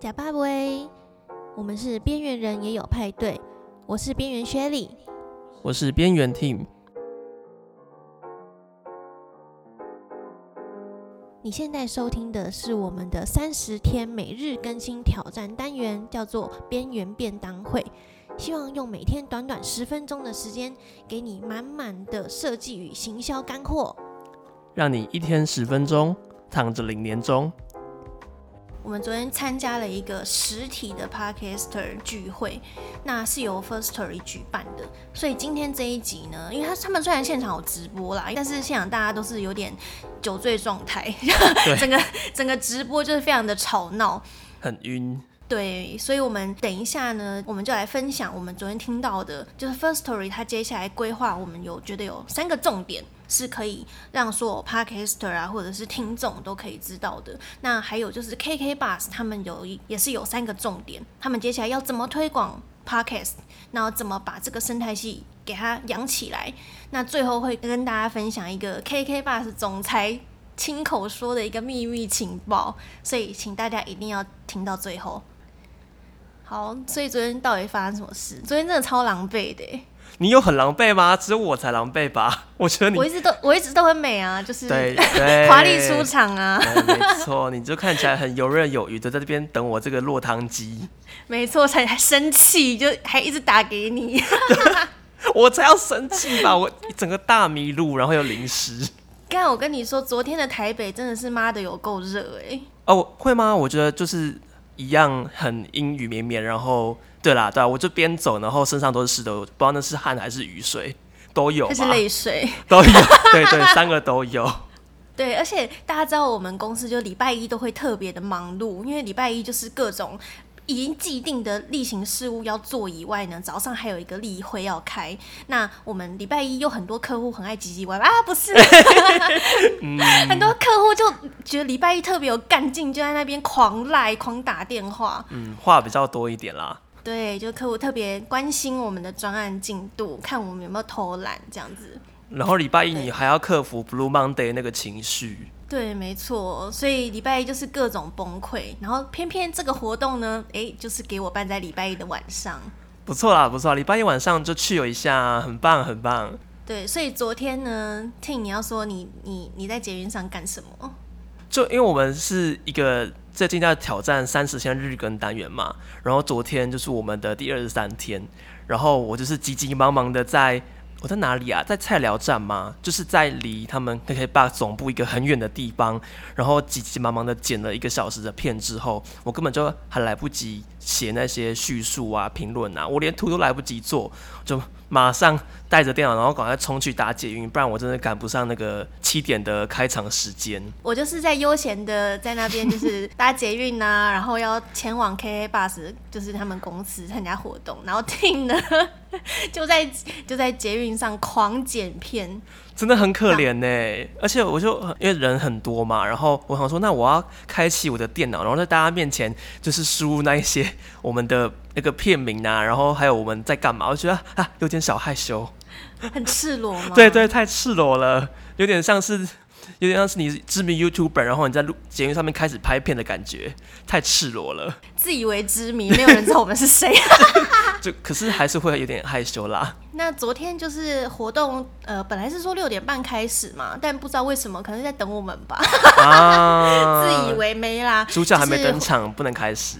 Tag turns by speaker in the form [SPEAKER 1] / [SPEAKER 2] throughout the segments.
[SPEAKER 1] 呷霸沒，我們是邊緣人也有派對。我是邊緣 Shelly，
[SPEAKER 2] 我是邊緣 Team。
[SPEAKER 1] 你現在收聽的是我們的三十天每日更新挑戰單元，叫做“邊緣便當會”。希望用每天短短十分鐘的時間，給你滿滿的設計與行銷乾貨，
[SPEAKER 2] 讓你一天十分鐘躺着領年終。
[SPEAKER 1] 我們昨天參加了一個實體的 Podcaster 聚會，那是由 Firstory 舉辦的。所以今天這一集呢，因為他他們雖然現場有直播啦，但是現場大家都是有點酒醉狀態，對 整個整個直播就是非常的吵鬧，
[SPEAKER 2] 很暈。
[SPEAKER 1] 對，所以我們等一下呢，我們就來分享我們昨天聽到的，就是 Firstory 他接下來規劃，我們有覺得有三個重點。是可以讓所有 podcaster 啊，或者是聽眾都可以知道的。那還有就是 KKBOX 他們有一也是有三個重點，他們接下來要怎麼推廣 podcast，然後怎麼把這個生態系給它養起來。那最後會跟大家分享一個 KKBOX 總裁親口說的一個秘密情報，所以請大家一定要聽到最後。好，所以昨天到底發生什麼事？昨天真的超狼狽的，欸。
[SPEAKER 2] 你有很狼狽嗎？只有我才狼狽吧？我覺得你我一直
[SPEAKER 1] 都我一直都很美啊，就是對，華麗出場啊，嗯，沒
[SPEAKER 2] 錯， 你就看起來很游刃有餘的在這邊等我這個落湯雞。
[SPEAKER 1] 沒錯，才還生氣，就還一直打給你， 我才要生
[SPEAKER 2] 氣吧？我整個大迷路，然後又淋濕。
[SPEAKER 1] 剛才我跟你說，昨天的台北真的是媽的有夠熱哎。
[SPEAKER 2] 哦，會嗎？我覺得就是。一樣很陰雨綿綿，然後對啦，對啊，我就邊走，然後身上都是濕的，我不知道那是汗還是雨水，都有，這是淚
[SPEAKER 1] 水 都
[SPEAKER 2] 有，對對，對， 三個都有，
[SPEAKER 1] 對，而且大家知道我們公司就禮拜一都會特別的忙碌，因為禮拜一就是各種。已經既定的例行事務要做以外呢，早上還有一個例會要開。那我們禮拜一有很多客戶很愛唧唧歪歪啊，不是？ 很多客戶就覺得禮拜一特別有幹勁，就在那邊狂賴、狂打電話。
[SPEAKER 2] 嗯，話比較多一點啦。
[SPEAKER 1] 對，就客戶特別關心我們的專案進度，看我們有沒有偷懶這樣子。
[SPEAKER 2] 然後禮拜一你還要克服 Blue Monday 那個情緒。
[SPEAKER 1] 對，沒錯，所以禮拜一就是各種崩潰，然後偏偏這個活動呢，哎、欸，就是給我辦在禮拜一的晚上，
[SPEAKER 2] 不錯啦，不錯，禮拜一晚上就去了一下、啊，很棒，很棒。
[SPEAKER 1] 對，所以昨天呢，Tim，你要說你你你在捷運上幹什麼？
[SPEAKER 2] 就因為我們是一個最近在挑戰三十天日更單元嘛，然後昨天就是我們的第二十三天，然後我就是急急忙忙的在。我在哪裡啊？在菜寮站嗎？就是在離他們 KKbox 總部一個很遠的地方，然後急急忙忙的剪了一個小時的片之後，我根本就還來不及寫那些敘述啊、評論啊，我連圖都來不及做，就。馬上帶着電腦，然後趕快衝去搭捷運，不然我真的趕不上那個七點的開場時間。
[SPEAKER 1] 我就是在悠閒的在那邊，就是搭捷運呢、啊， 然後要前往 KKBOX，就是他們公司參加活動，然後聽呢 就在就在捷運上狂剪片，
[SPEAKER 2] 真的很可憐呢、欸。啊、而且我就因為人很多嘛，然後我想說，那我要開啟我的電腦，然後在大家面前就是輸入那一些我們的。這個片名啊，然後還有我們在幹嘛？我覺得啊，啊，有點小害羞，
[SPEAKER 1] 很赤裸嗎？對對，
[SPEAKER 2] 太赤裸了，有點像是有點像是你知名 YouTuber，然後你在錄節目上面開始拍片的感覺，太赤裸了。
[SPEAKER 1] 自以為知名，沒有人知道我們是誰 。
[SPEAKER 2] 就可是還是會有點害羞啦。
[SPEAKER 1] 那昨天就是活動，呃，本來是說六點半開始嘛，但不知道為什麼，可能是在等我們吧。
[SPEAKER 2] 啊，自以為沒啦，主角還沒登場，就是、不能開始。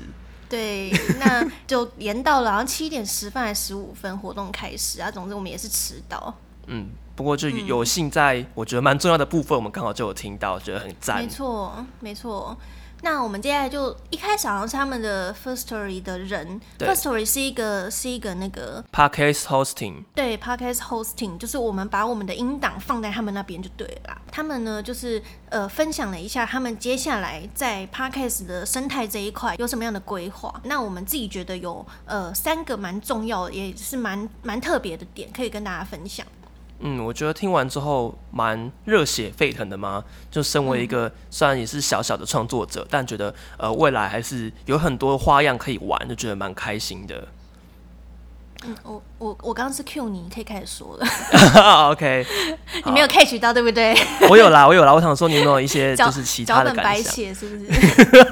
[SPEAKER 1] 對，那就延到了，好像七點十分還是十五分，活動開始啊。總之我們也是遲到。
[SPEAKER 2] 嗯，不過就有幸在我覺得蠻重要的部分，我們剛好就有聽到，嗯、覺得很讚。沒
[SPEAKER 1] 錯，沒錯。那我們接下來就一開始好像是他們的 Firstory 的人，對，Firstory 是一個是一個那個
[SPEAKER 2] podcast hosting。
[SPEAKER 1] 對，podcast hosting 就是我們把我們的音檔放在他們那邊就對了。他們呢就是呃分享了一下他們接下來在 podcast 的生態這一塊有什麼樣的規劃。那我們自己覺得有呃三個蠻重要的，也是蠻蠻特別的點，可以跟大家分享。
[SPEAKER 2] 嗯，我覺得聽完之後蠻熱血沸騰的嘛。就身為一個雖然也是小小的創作者，嗯、但覺得呃未來還是有很多花樣可以玩，就覺得蠻開心的。
[SPEAKER 1] 嗯，我我我剛剛是 cue 你，你可以開始說
[SPEAKER 2] 了。 OK，
[SPEAKER 1] 好你沒有 catch 到對不對？ 我有
[SPEAKER 2] 啦，我有啦。我想說，你有沒有一些就是其他的感
[SPEAKER 1] 想？白
[SPEAKER 2] 是不是？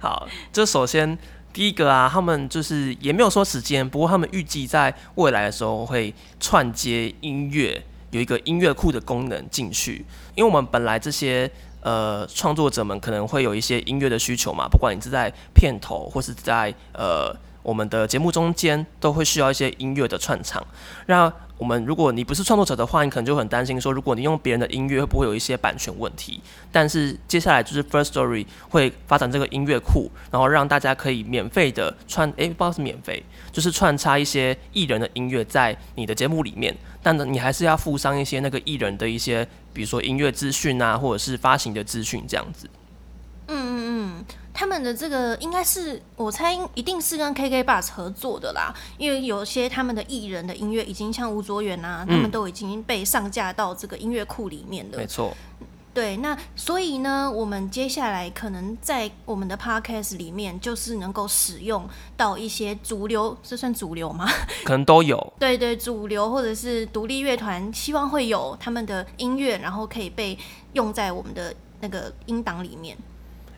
[SPEAKER 2] 好，就首先。第一個啊，他們就是也沒有說時間，不過他們預計在未來的時候會串接音樂，有一個音樂庫的功能進去。因為我們本來這些呃創作者們可能會有一些音樂的需求嘛，不管你是在片頭或是在呃。我們的節目中間都會需要一些音樂的串場，那我們如果你不是創作者的話，你可能就很擔心說，如果你用別人的音樂，會不會有一些版權問題？但是接下來就是 Firstory 會發展這個音樂庫，然後讓大家可以免費的串，誒，不知道是免費，就是串插一些藝人的音樂在你的節目裡面，但呢你還是要附上一些那個藝人的一些，比如說音樂資訊啊，或者是發行的資訊這樣子。
[SPEAKER 1] 嗯嗯嗯，他們的這個應該是我猜一定是跟 KKBOX 合作的啦，因為有些他們的藝人的音樂已經像吳卓源啊，嗯、他們都已經被上架到這個音樂庫裡面的。沒錯錯，對，那所以呢，我們接下來可能在我們的 Podcast 裡面就是能夠使用到一些主流，這算主流嗎？
[SPEAKER 2] 可能都有。
[SPEAKER 1] 對，對對，主流或者是獨立樂團，希望會有他們的音樂，然後可以被用在我們的那個音檔裡面。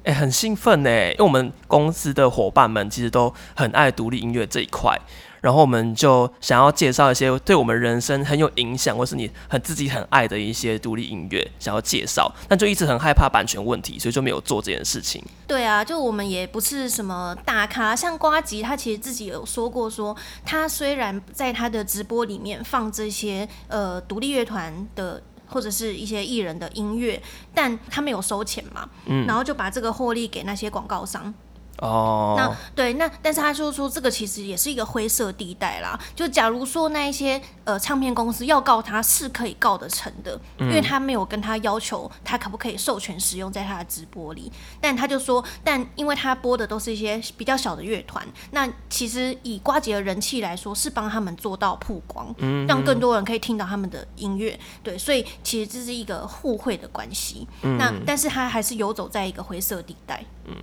[SPEAKER 2] 哎、欸，很興奮哎、欸，因為我們公司的夥伴們其實都很愛獨立音樂這一塊，然後我們就想要介紹一些對我們人生很有影響，或是你很自己很愛的一些獨立音樂，想要介紹，但就一直很害怕版權問題，所以就沒有做這件事情。
[SPEAKER 1] 對啊，就我們也不是什麼大咖，像呱吉他其實自己有說過說，說他雖然在他的直播裡面放這些呃獨立樂團的。或者是一些藝人的音樂，但他沒有收錢嘛，嗯、然後就把這個獲利給那些廣告商。哦，oh. 那對，那但是他說說這個其實也是一個灰色地帶啦。就假如說那一些呃唱片公司，要告他是可以告得成的，嗯、因為他沒有跟他要求他可不可以授權使用在他的直播裡。但他就說，但因為他播的都是一些比較小的樂團，那其實以呱吉的人氣來說，是幫他們做到曝光，讓更多人可以聽到他們的音樂。對，所以其實這是一個互惠的關係。嗯、那但是他還是游走在一個灰色地帶。嗯。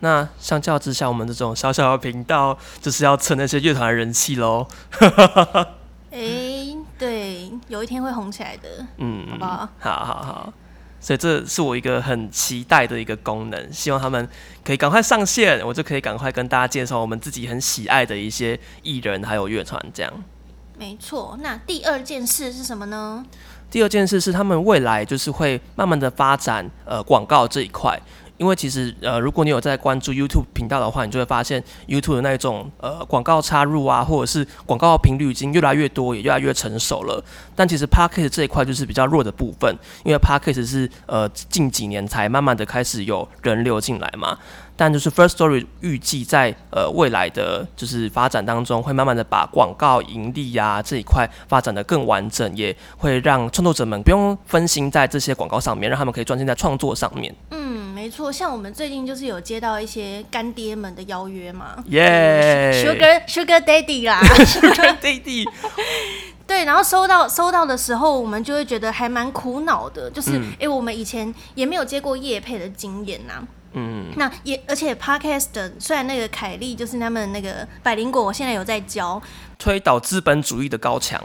[SPEAKER 2] 那相較之下，我們這種小小的頻道就是要蹭那些樂團的人氣嘍。
[SPEAKER 1] 哎、 欸，對，有一天會紅起來的。嗯，好不好，
[SPEAKER 2] 好好，所以這是我一個很期待的一個功能，希望他們可以趕快上線，我就可以趕快跟大家介紹我們自己很喜愛的一些藝人還有樂團。這樣，
[SPEAKER 1] 沒錯。那第二件事是什麼呢？
[SPEAKER 2] 第二件事是他們未來就是會慢慢的發展呃廣告這一塊。因為其實，呃，如果你有在關注 YouTube 頻道的話，你就會發現 YouTube 的那種，呃，廣告插入啊，或者是廣告頻率已經越來越多，也越來越成熟了。但其實 Podcast 這一塊就是比較弱的部分，因為 Podcast 是呃近幾年才慢慢的開始有人流進來嘛。但就是 First Story 預計在呃未來的就是發展當中，會慢慢的把廣告盈利呀、啊、這一塊發展得更完整，也會讓創作者們不用分心在這些廣告上面，讓他們可以專心在創作上面。
[SPEAKER 1] 嗯，沒錯，像我們最近就是有接到一些乾爹們的邀約嘛
[SPEAKER 2] ，Yeah，Sugar
[SPEAKER 1] Sugar Daddy 啦 ，Sugar Daddy。對，然後收到收到的時候，我們就會覺得還蠻苦惱的，就是哎、嗯，我們以前也沒有接過業配的經驗吶、啊。嗯，那也而且，Podcast，雖然那個凱莉就是他們那個百靈果，我現在有在教，
[SPEAKER 2] 推倒資本主義的高牆。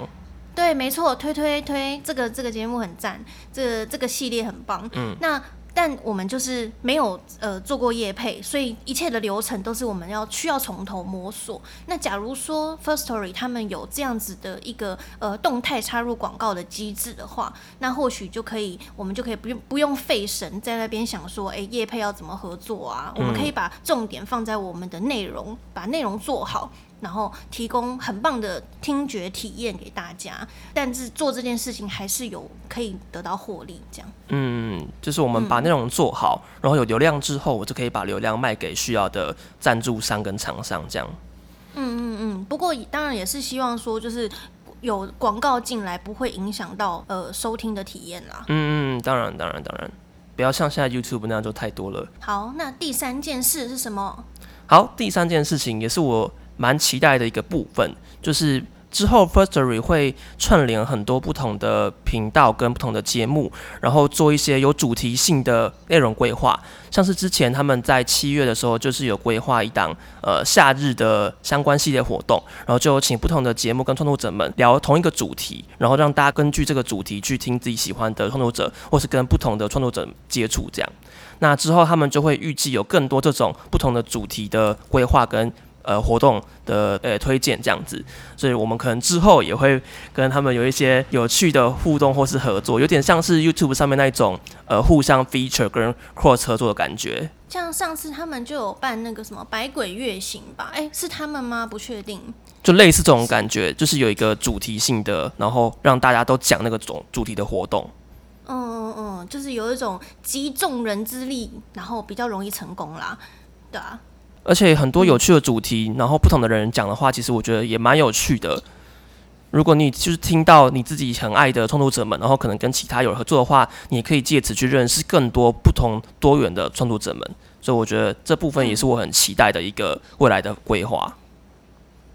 [SPEAKER 1] 對，沒錯，推推推，這個這個節目很讚，這個、這個系列很棒。嗯，那。但我們就是沒有呃做過業配，所以一切的流程都是我們要需要從頭摸索。那假如說 Firstory 他們有這樣子的一個呃動態插入廣告的機制的話，那或許就可以，我們就可以不用不用費神在那邊想說，哎、欸，業配要怎麼合作啊？嗯、我們可以把重點放在我們的內容，把內容做好。然後提供很棒的聽覺體驗給大家，但是做這件事情還是有可以得到獲利這樣。
[SPEAKER 2] 嗯，就是我們把內容做好，嗯、然後有流量之後，我就可以把流量賣給需要的贊助商跟廠商這樣。
[SPEAKER 1] 嗯嗯嗯，不過當然也是希望說，就是有廣告進來不會影響到呃收聽的體驗啦。
[SPEAKER 2] 嗯嗯，當然當然當然，不要像現在 YouTube 那樣做太多了。
[SPEAKER 1] 好，那第三件事是什麼？
[SPEAKER 2] 好，第三件事情也是我。蠻期待的一個部分，就是之後 Firstory 會串聯很多不同的頻道跟不同的節目，然後做一些有主題性的內容規劃。像是之前他們在七月的時候，就是有規劃一檔呃夏日的相關系列活動，然後就請不同的節目跟創作者們聊同一個主題，然後讓大家根據這個主題去聽自己喜歡的創作者，或是跟不同的創作者接觸。這樣，那之後他們就會預計有更多這種不同的主題的規劃跟。呃，活動的呃推薦這樣子，所以我們可能之後也會跟他們有一些有趣的互動或是合作，有點像是 YouTube 上面那種呃互相 feature 跟 cross 合作的感覺。
[SPEAKER 1] 像上次他們就有辦那個什麼百鬼夜行吧？哎、欸，是他們嗎？不確定。
[SPEAKER 2] 就類似這種感覺，就是有一個主題性的，然後讓大家都講那個種主題的活動。
[SPEAKER 1] 嗯嗯嗯，就是有一種集眾人之力，然後比較容易成功啦，對啊。
[SPEAKER 2] 而且很多有趣的主題，然後不同的人講的話，其實我覺得也蠻有趣的。如果你就是聽到你自己很愛的創作者們，然後可能跟其他有合作的話，你可以借此去認識更多不同多元的創作者們。所以我覺得這部分也是我很期待的一個未來的規劃。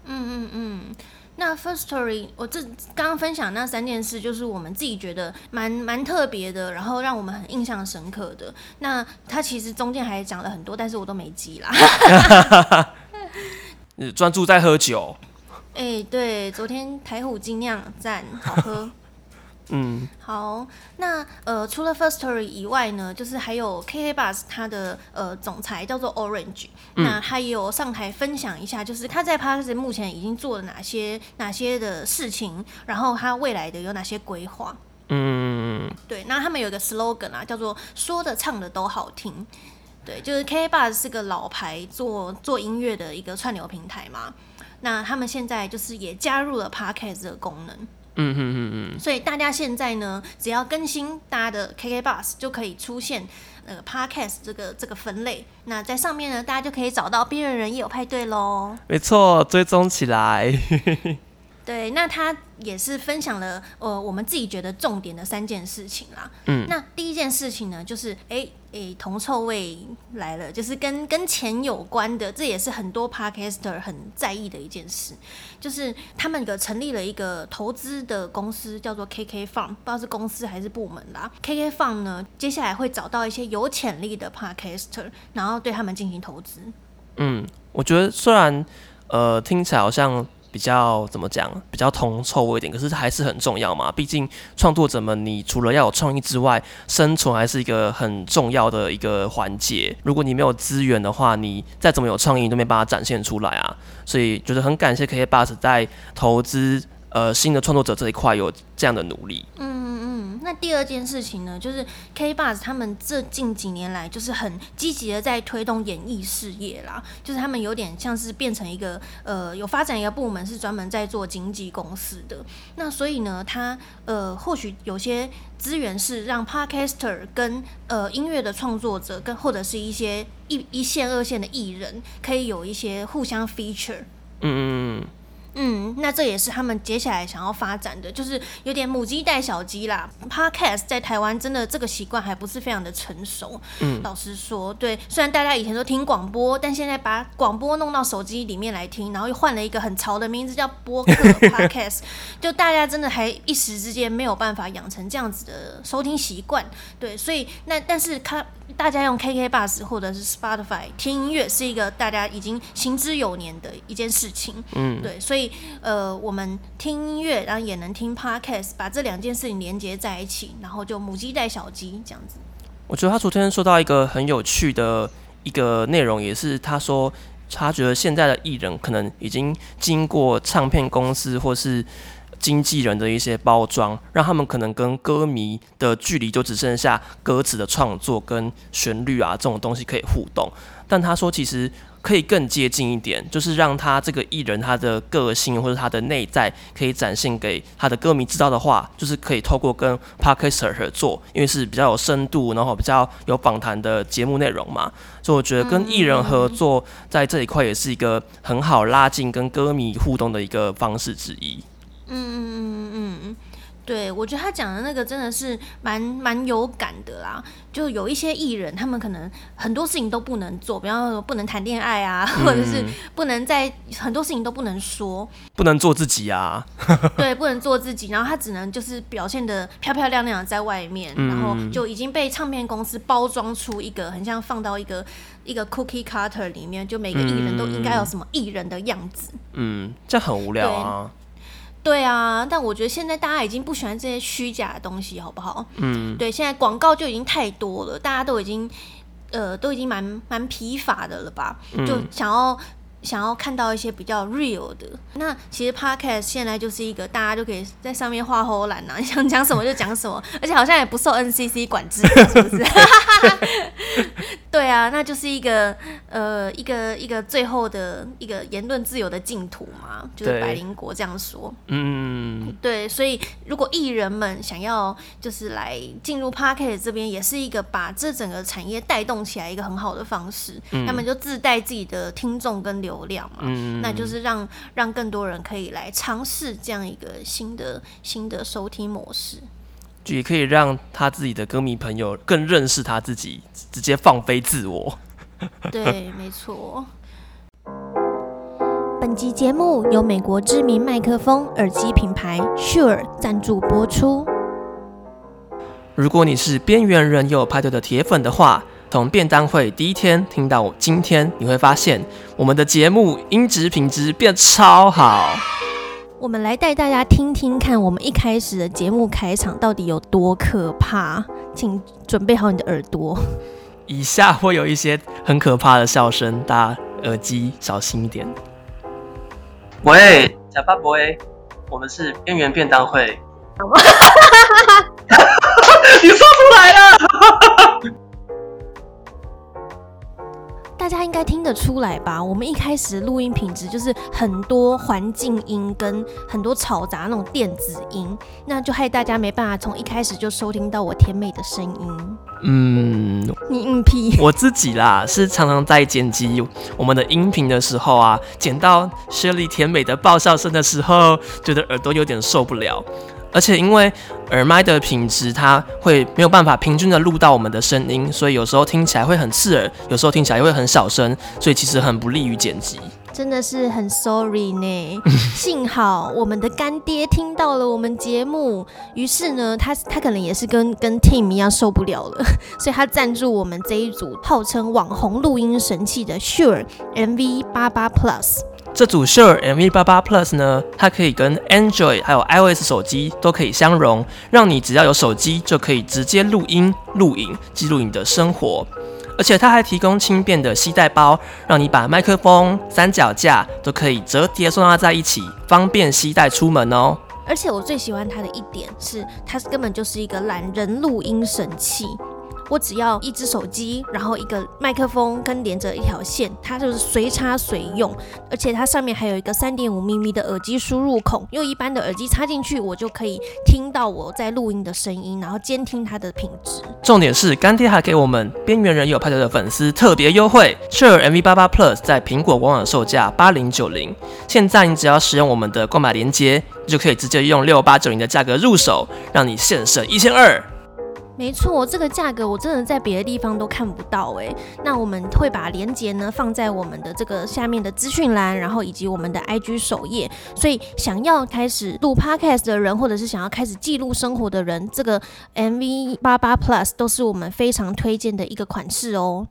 [SPEAKER 1] 嗯。嗯嗯嗯。那 first story，我這剛剛分享那三件事，就是我們自己覺得蠻蠻特別的，然後讓我們很印象深刻的。那他其實中間還講了很多，但是我都沒記啦。
[SPEAKER 2] 專 注在喝酒。
[SPEAKER 1] 哎、欸，對，昨天台虎精釀讚，好喝。 嗯，好，那呃，除了 Firstory 以外呢，就是還有 KKBOX 它的，呃總裁叫做 Orange、嗯、那他也有上台分享一下，就是他在 Podcast 目前已經做了哪些哪些的事情，然後他未來的有哪些規劃？嗯，對，那他們有一個 slogan 啊，叫做“說的唱的都好聽”，對，就是 KKBOX 是個老牌做做音樂的一個串流平台嘛，那他們現在就是也加入了 Podcast 的功能。嗯，嗯嗯嗯嗯，所以大家現在呢，只要更新大家的 KKbox 就可以出現那個、呃、Podcast 這個這個分類。那在上面呢，大家就可以找到《邊緣人夜遊派對》咯。
[SPEAKER 2] 沒錯，追蹤起來。
[SPEAKER 1] 對，那他也是分享了呃，我們自己覺得重點的三件事情啦。嗯，那第一件事情呢，就是哎哎，銅、欸欸、臭味來了，就是跟跟錢有關的，這也是很多 podcaster 很在意的一件事，就是他們個成立了一個投資的公司，叫做 KK f u n m 不知道是公司還是部門啦。KK f u n m 呢，接下來會找到一些有潛力的 podcaster，然後對他們進行投資。
[SPEAKER 2] 嗯，我覺得雖然呃聽起來好像。比較怎麼講，比較通透一點，可是還是很重要嘛。畢竟創作者們，你除了要有創意之外，生存還是一個很重要的一個環節。如果你沒有資源的話，你再怎麼有創意，都沒辦法展現出來啊。所以，就是很感謝 KKBOX 在投資。呃，新的創作者這一塊有這樣的努力。嗯
[SPEAKER 1] 嗯嗯，那第二件事情呢，就是 KKBOX 他們這近幾年來就是很積極的在推動演藝事業啦，就是他們有點像是變成一個呃有發展一個部門是專門在做經紀公司的。那所以呢，他呃或許有些資源是讓 Podcaster 跟呃音樂的創作者跟或者是一些一一線二線的藝人可以有一些互相 feature。嗯。嗯
[SPEAKER 2] 嗯嗯。
[SPEAKER 1] 嗯，那這也是他們接下來想要發展的，就是有點母雞帶小雞啦。Podcast 在台灣真的這個習慣還不是非常的成熟，嗯，老實說，對，雖然大家以前都聽廣播，但現在把廣播弄到手機裡面來聽，然後又換了一個很潮的名字叫播客 Podcast， 就大家真的還一時之間沒有辦法養成這樣子的收聽習慣，對，所以那但是他大家用 KKBOX 或者是 Spotify 聽音樂是一個大家已經行之有年的一件事情，嗯，對，所以。所以，呃，我們聽音樂，然後也能聽 podcast，把這兩件事情連接在一起，然後就母雞帶小雞這樣子。
[SPEAKER 2] 我覺得他昨天說到一個很有趣的一個內容，也是他說他覺得現在的藝人可能已經經過唱片公司或是經紀人的一些包裝，讓他們可能跟歌迷的距離就只剩下歌詞的創作跟旋律啊這種東西可以互動。但他說其實。可以更接近一點，就是讓他這個藝人他的個性或者他的內在可以展現給他的歌迷知道的話，就是可以透過跟 Podcaster 合作，因為是比較有深度，然後比較有訪談的節目內容嘛，所以我覺得跟藝人合作在這一塊也是一個很好拉近跟歌迷互動的一個方式之一。嗯
[SPEAKER 1] 嗯嗯嗯嗯。嗯嗯對，我覺得他講的那個真的是蠻蠻有感的啦。就有一些藝人，他們可能很多事情都不能做，比方說不能談戀愛啊，嗯、或者是不能在很多事情都不能說，
[SPEAKER 2] 不能做自己啊。
[SPEAKER 1] 對，不能做自己，然後他只能就是表現得漂漂亮亮的在外面，嗯、然後就已經被唱片公司包裝出一個很像放到一個一個 cookie cutter 裡面，就每個藝人都應該有什麼藝人的樣子。
[SPEAKER 2] 嗯，這樣很無聊啊。
[SPEAKER 1] 對啊，但我覺得現在大家已經不喜歡這些虛假的東西，好不好？嗯，對，現在廣告就已經太多了，大家都已經，呃，都已經蠻蠻疲乏的了吧？嗯，就想要。想要看到一些比較 real 的，那其實 podcast 現在就是一個大家就可以在上面畫虎爛吶，你想講什麼就講什麼， 而且好像也不受 NCC 管制，是不是？ 對， 對啊，那就是一個呃一個一個最後的一個言論自由的淨土嘛，對就是百靈果這樣說。嗯，對，所以如果藝人們想要就是來進入 podcast 這邊，也是一個把這整個產業帶動起來一個很好的方式，嗯、他們就自帶自己的聽眾跟流。流量嘛，嗯，那就是讓讓更多人可以來嘗試這樣一個新的新的收聽模式，
[SPEAKER 2] 就可以讓他自己的歌迷朋友更認識他自己，直接放飛自我。
[SPEAKER 1] 對，沒錯。 本集節目由美國知名麥克風耳機品牌 Shure 贊助播出。
[SPEAKER 2] 如果你是邊緣人又派對的鐵粉的話。從便當會第一天聽到，今天你會發現我們的節目音質品質變超好。
[SPEAKER 1] 我們來帶大家聽聽看，我們一開始的節目開場到底有多可怕，請準備好你的耳朵。
[SPEAKER 2] 以下會有一些很可怕的笑聲，大家耳機小心一點。喂，呷霸沒，我們是邊緣便當會。
[SPEAKER 1] Oh. 你笑出來了。 大家應該聽得出來吧？我們一開始錄音品質就是很多環境音跟很多嘈雜那種電子音，那就害大家沒辦法從一開始就收聽到我甜美的聲音。嗯，你硬皮，我
[SPEAKER 2] 自己啦，是常常在剪輯我們的音頻的時候啊，剪到雪 h 甜美的爆笑聲的時候，覺得耳朵有點受不了。而且因為耳麥的品質，它會沒有辦法平均的錄到我們的聲音，所以有時候聽起來會很刺耳，有時候聽起來又會很小聲，所以其實很不利於剪輯。
[SPEAKER 1] 真的是很 sorry 呢。幸好我們的乾爹聽到了我們節目，於 是呢，他他可能也是跟跟 Tim 一樣受不了了，所以他贊助我們這一組號稱網紅錄音神器的 Sure MV 八八 Plus。這
[SPEAKER 2] 組 Shure MV 八八 Plus 呢，它可以跟 Android 還有 iOS 手機都可以相容，讓你只要有手機就可以直接錄音、錄影、記錄你的生活。而且它還提供輕便的攜帶包，讓你把麥克風、三腳架都可以折疊收納在一起，方便攜帶出門哦。
[SPEAKER 1] 而且我最喜歡它的一點是，它根本就是一個懶人錄音神器。我只要一隻手機，然後一個麥克風跟連着一條線，它就是隨插隨用，而且它上面還有一個三點五毫米的耳機輸入孔，用一般的耳機插進去，我就可以聽到我在錄音的聲音，然後監聽它的品質。
[SPEAKER 2] 重點是，乾爹還給我們邊緣人有派對的粉絲特別優惠，Shure MV88 Plus 在蘋果官網，網售價八零九零，現在你只要使用我們的購買鏈接，你就可以直接用六八九零的價格入手，讓你現省一千二。
[SPEAKER 1] 沒錯，這個價格我真的在別的地方都看不到哎、欸。那我們會把連結呢放在我們的這個下面的資訊欄，然後以及我們的 IG 首頁。所以想要開始錄 Podcast 的人，或者是想要開始記錄生活的人，這個 MV 88 Plus 都是我們非常推薦的一個款式哦。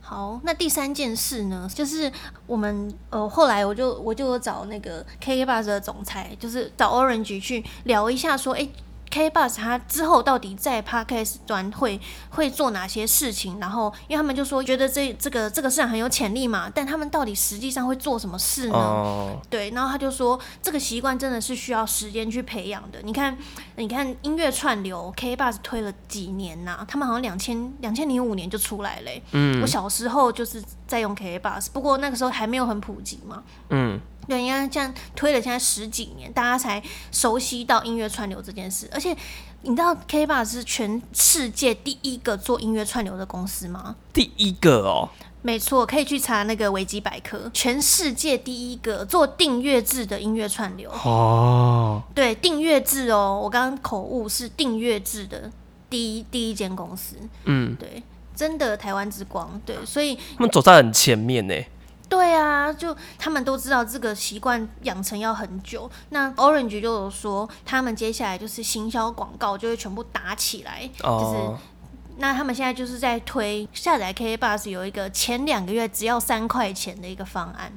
[SPEAKER 1] 好，那第三件事呢，就是我們呃後來我就我就找那個 KKBOX 的總裁，就是找 Orange 去聊一下說，說哎。KKBOX 他之後到底在 Podcast 會會做哪些事情？然後，因為他們就說覺得這這個這個市場很有潛力嘛，但他們到底實際上會做什麼事呢？Oh. 對，然後他就說這個習慣真的是需要時間去培養的。你看，你看音樂串流 KKBOX 推了幾年吶、啊？他們好像兩千兩千零五年就出來了、欸。嗯，mm. 我小時候就是在用 KKBOX，不過那個時候還沒有很普及嘛。嗯。Mm. 對，因為這樣推了現在十幾年，大家才熟悉到音樂串流這件事。而且你知道 KKBOX 是全世界第一個做音樂串流的公司嗎？
[SPEAKER 2] 第一個哦，
[SPEAKER 1] 沒錯，可以去查那個維基百科，全世界第一個做訂閱制的音樂串流哦。對，訂閱制哦，我剛剛口誤是訂閱制的第一第一間公司。
[SPEAKER 2] 嗯，對，
[SPEAKER 1] 真的台灣之光，對，所
[SPEAKER 2] 以他們走在很前面呢、欸。
[SPEAKER 1] 對啊，就他們都知道這個習慣養成要很久。那 Orange 就有說，他們接下來就是行銷廣告就會全部打起來，哦、就是那他們現在就是在推下載 KKBOX 有一個前兩個月只要三塊錢的一個方案，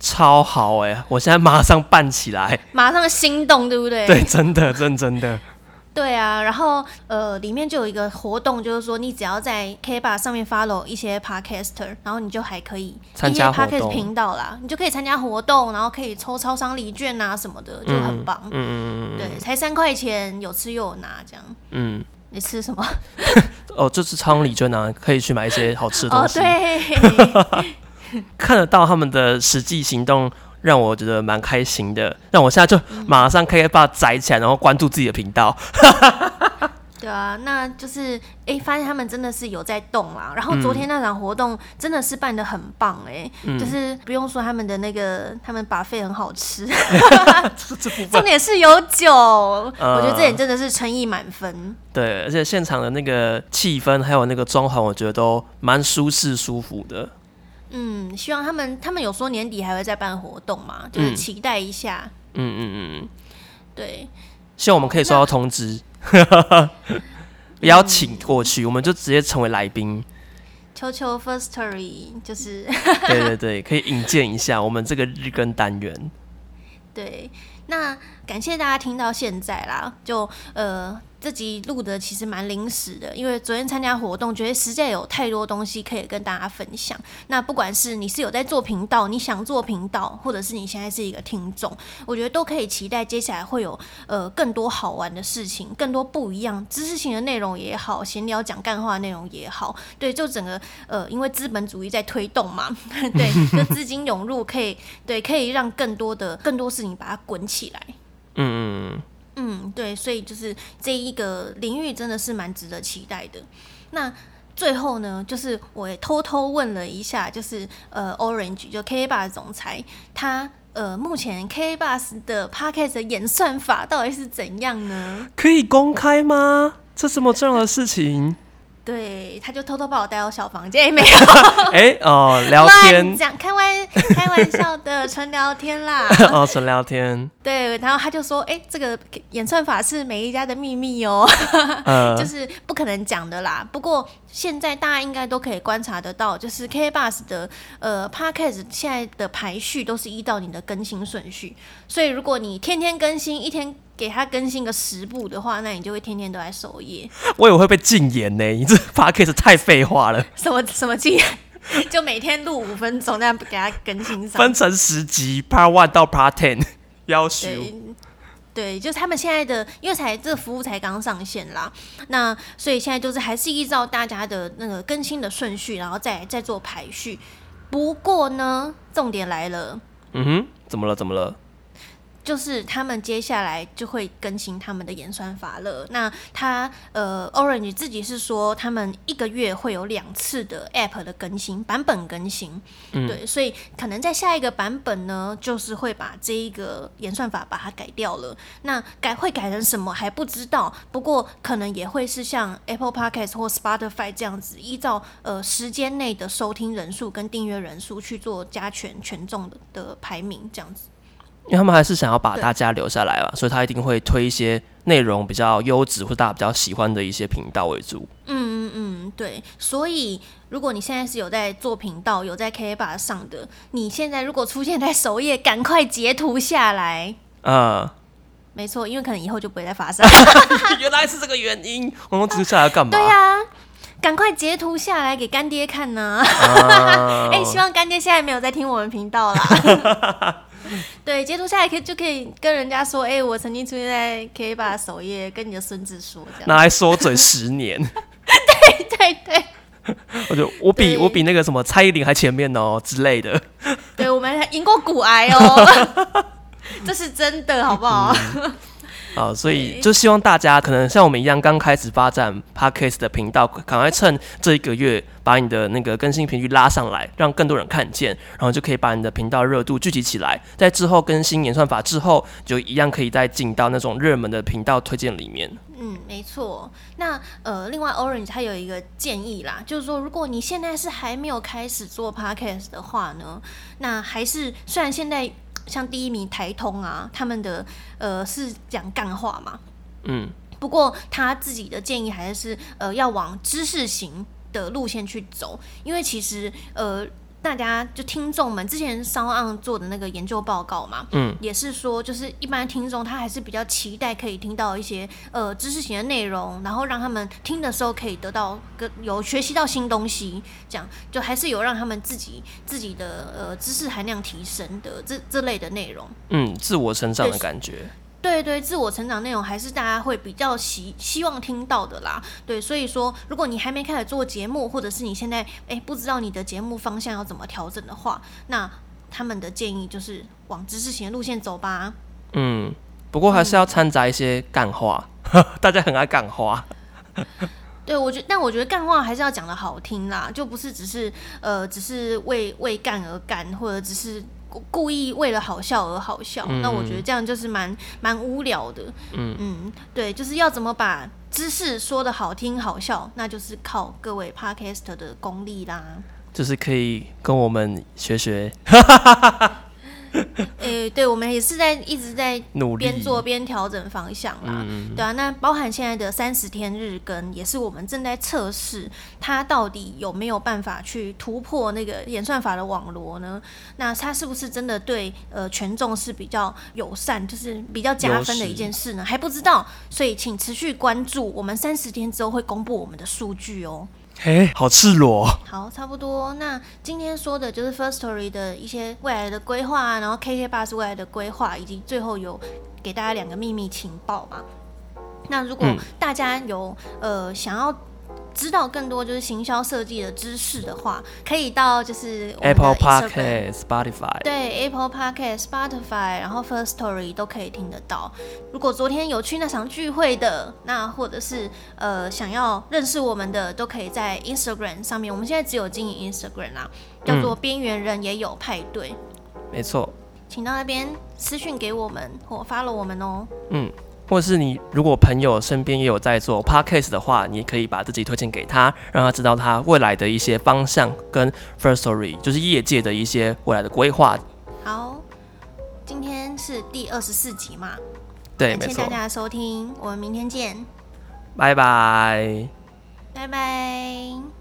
[SPEAKER 2] 超好哎！我現在馬上辦起來，
[SPEAKER 1] 馬上心動，對不對？對，
[SPEAKER 2] 真的，真真的。
[SPEAKER 1] 對啊，然後呃，裡面就有一個活動，就是說你只要在 K 吧上面 follow 一些 podcaster，然後你就還可以參加 podcast 頻道啦，你就可以參加活動，然後可以抽超商禮券啊什麼的，就很棒。嗯，嗯對，才三塊錢，有吃又有拿這樣。嗯，你吃什麼？
[SPEAKER 2] 哦，這、就是超商禮券啊，可以去買一些好吃的東西。哦、對， 看得到他們的實際行動。讓我覺得蠻開心的，讓我現在就馬上可以把它載起來，然後關注自己的頻道。
[SPEAKER 1] 對啊，那就是哎，發現他們真的是有在動啊。嗯、然後昨天那場活動真的是辦得很棒哎、欸，嗯、就是不用說他們的那個，他們 buffet 很好吃， 重點是有酒，嗯、我覺得這點真的是誠意滿分。
[SPEAKER 2] 對，而且現場的那個氣氛還有那個裝潢，我覺得都蠻舒適舒服的。
[SPEAKER 1] 嗯，希望他們他們有說年底還會再辦活動嘛？就是期待一下。嗯嗯嗯，嗯
[SPEAKER 2] 嗯嗯對，希望我們可以收到通知，邀那 請過去，嗯、我們就直接成為來賓。
[SPEAKER 1] 求求 Firstory 就是對對
[SPEAKER 2] 對，可以引薦一下我們這個日更單元。
[SPEAKER 1] 對，那感謝大家聽到現在啦，就呃。這集錄的其實蠻臨時的，因為昨天參加活動，覺得實在有太多東西可以跟大家分享。那不管是你是有在做頻道，你想做頻道，或者是你現在是一個聽眾，我覺得都可以期待接下來會有呃更多好玩的事情，更多不一樣知識性的內容也好，閒聊講乾話的內容也好，對，就整個呃，因為資本主義在推動嘛，呵呵對，就 資金湧入可以，對，可以讓更多的更多事情把它滾起來。
[SPEAKER 2] 嗯，嗯。嗯
[SPEAKER 1] 嗯，對，所以就是這一個領域真的是蠻值得期待的。那最後呢，就是我也偷偷問了一下，就是呃，Orange 就 KKBOX 總裁，他呃，目前 KKBOX 的 Podcast 的演算法到底是怎樣呢？
[SPEAKER 2] 可以公開嗎？ 這是什麼重要的事情？
[SPEAKER 1] 對，他就偷偷把我帶到小房間、欸，沒有？哎、 欸、哦，聊天開玩，開玩笑的，純聊天啦。 哦，
[SPEAKER 2] 純聊天。
[SPEAKER 1] 對，然後他就說：“哎、欸，這個演算法是每一家的秘密哦， 就是不可能講的啦。呃”不過現在大家應該都可以觀察得到，就是 KKBOX 的呃 Podcast 現在的排序都是依照你的更新順序，所以如果你天天更新一天。給他更新個十部的話，那你就會天天都在首頁。
[SPEAKER 2] 我以為會被禁言呢！你這 podcast 太廢話了。
[SPEAKER 1] 什麼什麼禁言？就每天錄五分鐘，那給他更新上，分成
[SPEAKER 2] 十集，Part One 到 Part Ten。夭壽。
[SPEAKER 1] 對，就是他們現在的，因為才這個、服務才剛上線啦，那所以現在就是還是依照大家的那個更新的順序，然後再再做排序。不過呢，重點來了。
[SPEAKER 2] 嗯哼，怎麼了？怎麼了？
[SPEAKER 1] 就是他們接下來就會更新他們的演算法了。那他呃，Orange 自己是說，他們一個月會有兩次的 App 的更新版本更新。嗯，
[SPEAKER 2] 對，所
[SPEAKER 1] 以可能在下一個版本呢，就是會把這一個演算法把它改掉了。那改會改成什麼還不知道，不過可能也會是像 Apple Podcast 或 Spotify 這樣子，依照呃時間內的收聽人數跟訂閱人數去做加權權重的排名這樣子。
[SPEAKER 2] 因為他們還是想要把大家留下來對所以他一定會推一些內容比較優質或大家比較喜歡的一些頻道為主。
[SPEAKER 1] 嗯嗯嗯，對。所以如果你現在是有在做頻道、有在 KKBOX 上的，你現在如果出現在首頁，趕快截圖下來。
[SPEAKER 2] 啊、嗯，
[SPEAKER 1] 沒錯，因為可能以後就不會再發生 原來是這個原因，
[SPEAKER 2] 我們只是下來幹嘛？對呀、
[SPEAKER 1] 啊，趕快截圖下來給乾爹看呢、啊。哎、啊 欸，希望乾爹現在沒有在聽我們頻道啦。 對，截圖下來可以，就可以跟人家說，哎、欸，我曾經出現在，可以把首頁跟你的孫子說這樣子，拿來
[SPEAKER 2] 說嘴十年。
[SPEAKER 1] 對對對，
[SPEAKER 2] 我就我比對我比那個什麼蔡依林還前面哦、喔、之類的。
[SPEAKER 1] 對，我們還贏過骨癌哦、喔， 這是真的，好不好？嗯、
[SPEAKER 2] 對好，所以就希望大家可能像我們一樣剛開始發展 Podcast 的頻道，趕快趁這一個月。把你的那個更新頻率拉上來，讓更多人看見，然後就可以把你的頻道熱度聚集起來，在之後更新演算法之後，就一樣可以再進到那種熱門的頻道推薦裡面。
[SPEAKER 1] 嗯，沒錯。那呃，另外 Orange 他有一個建議啦，就是說，如果你現在是還沒有開始做 Podcast 的話呢，那還是雖然現在像第一名台通啊，他們的呃是講幹話嘛，嗯，不過他自己的建議還是呃要往知識型。的路線去走，因為其實呃，大家就聽眾們之前 SoundOn 做的那個研究報告嘛，嗯，也是說，就是一般聽眾他還是比較期待可以聽到一些呃知識型的內容，然後讓他們聽的時候可以得到跟有學習到新東西，這樣就還是有讓他們自己自己的呃知識含量提升的這這類的內容，
[SPEAKER 2] 嗯，自我成長的感覺。
[SPEAKER 1] 對對，自我成長內容還是大家會比較希希望聽到的啦。對，所以說，如果你還沒開始做節目，或者是你現在誒不知道你的節目方向要怎麼調整的話，那他們的建議就是往知識型路線走吧。嗯，
[SPEAKER 2] 不過還是要摻雜一些幹話，嗯、呵呵大家很愛幹話。
[SPEAKER 1] 對，我覺，但我覺得幹話還是要講得好聽啦，就不是只是呃，只是為為幹而幹，或者只是。故意為了好笑而好笑，嗯、那我覺得這樣就是蠻蠻無聊的。嗯嗯，對，就是要怎麼把知識說得好聽好笑，那就是靠各位 Podcaster 的功力啦。
[SPEAKER 2] 就是可以跟我們學學。
[SPEAKER 1] 誒、 欸，對，我們也是在一直在努力，邊做邊調整方向啦，嗯、對啊。那包含現在的三十天日更，也是我們正在測試，它到底有沒有辦法去突破那個演算法的網絡呢？那它是不是真的對呃權重是比較友善，就是比較加分的一件事呢？還不知道，所以請持續關注，我們三十天之後會公布我們的數據哦。
[SPEAKER 2] 嘿、欸，好赤裸
[SPEAKER 1] 哦。好，差不多。那今天說的就是 Firstory 的一些未來的規劃啊，然後 KKBOX 未來的規劃，以及最後有給大家兩個秘密情報嘛。那如果大家有、嗯、呃想要，知道更多就是行銷設計的知識的話，可以到就是 Apple Podcast、
[SPEAKER 2] Spotify，對
[SPEAKER 1] ，Apple Podcast、Spotify，然後 Firstory 都可以聽得到。如果昨天有去那場聚會的，那或者是、呃、想要認識我們的，都可以在 Instagram 上面。我們現在只有經營 Instagram 啦，叫做邊緣人也有派對，嗯、沒錯，請到那邊私訊給我們或 follow 我們哦、喔。嗯。
[SPEAKER 2] 或者是你，如果朋友身邊也有在做 Podcast 的話，你可以把自己推薦給他，讓他知道他未來的一些方向跟 Firstory，就是業界的一些未來的規劃。好，
[SPEAKER 1] 今天是第二十四集嘛？
[SPEAKER 2] 對，謝謝大家
[SPEAKER 1] 的收聽，我們明天見，
[SPEAKER 2] 拜拜 bye，
[SPEAKER 1] 拜拜。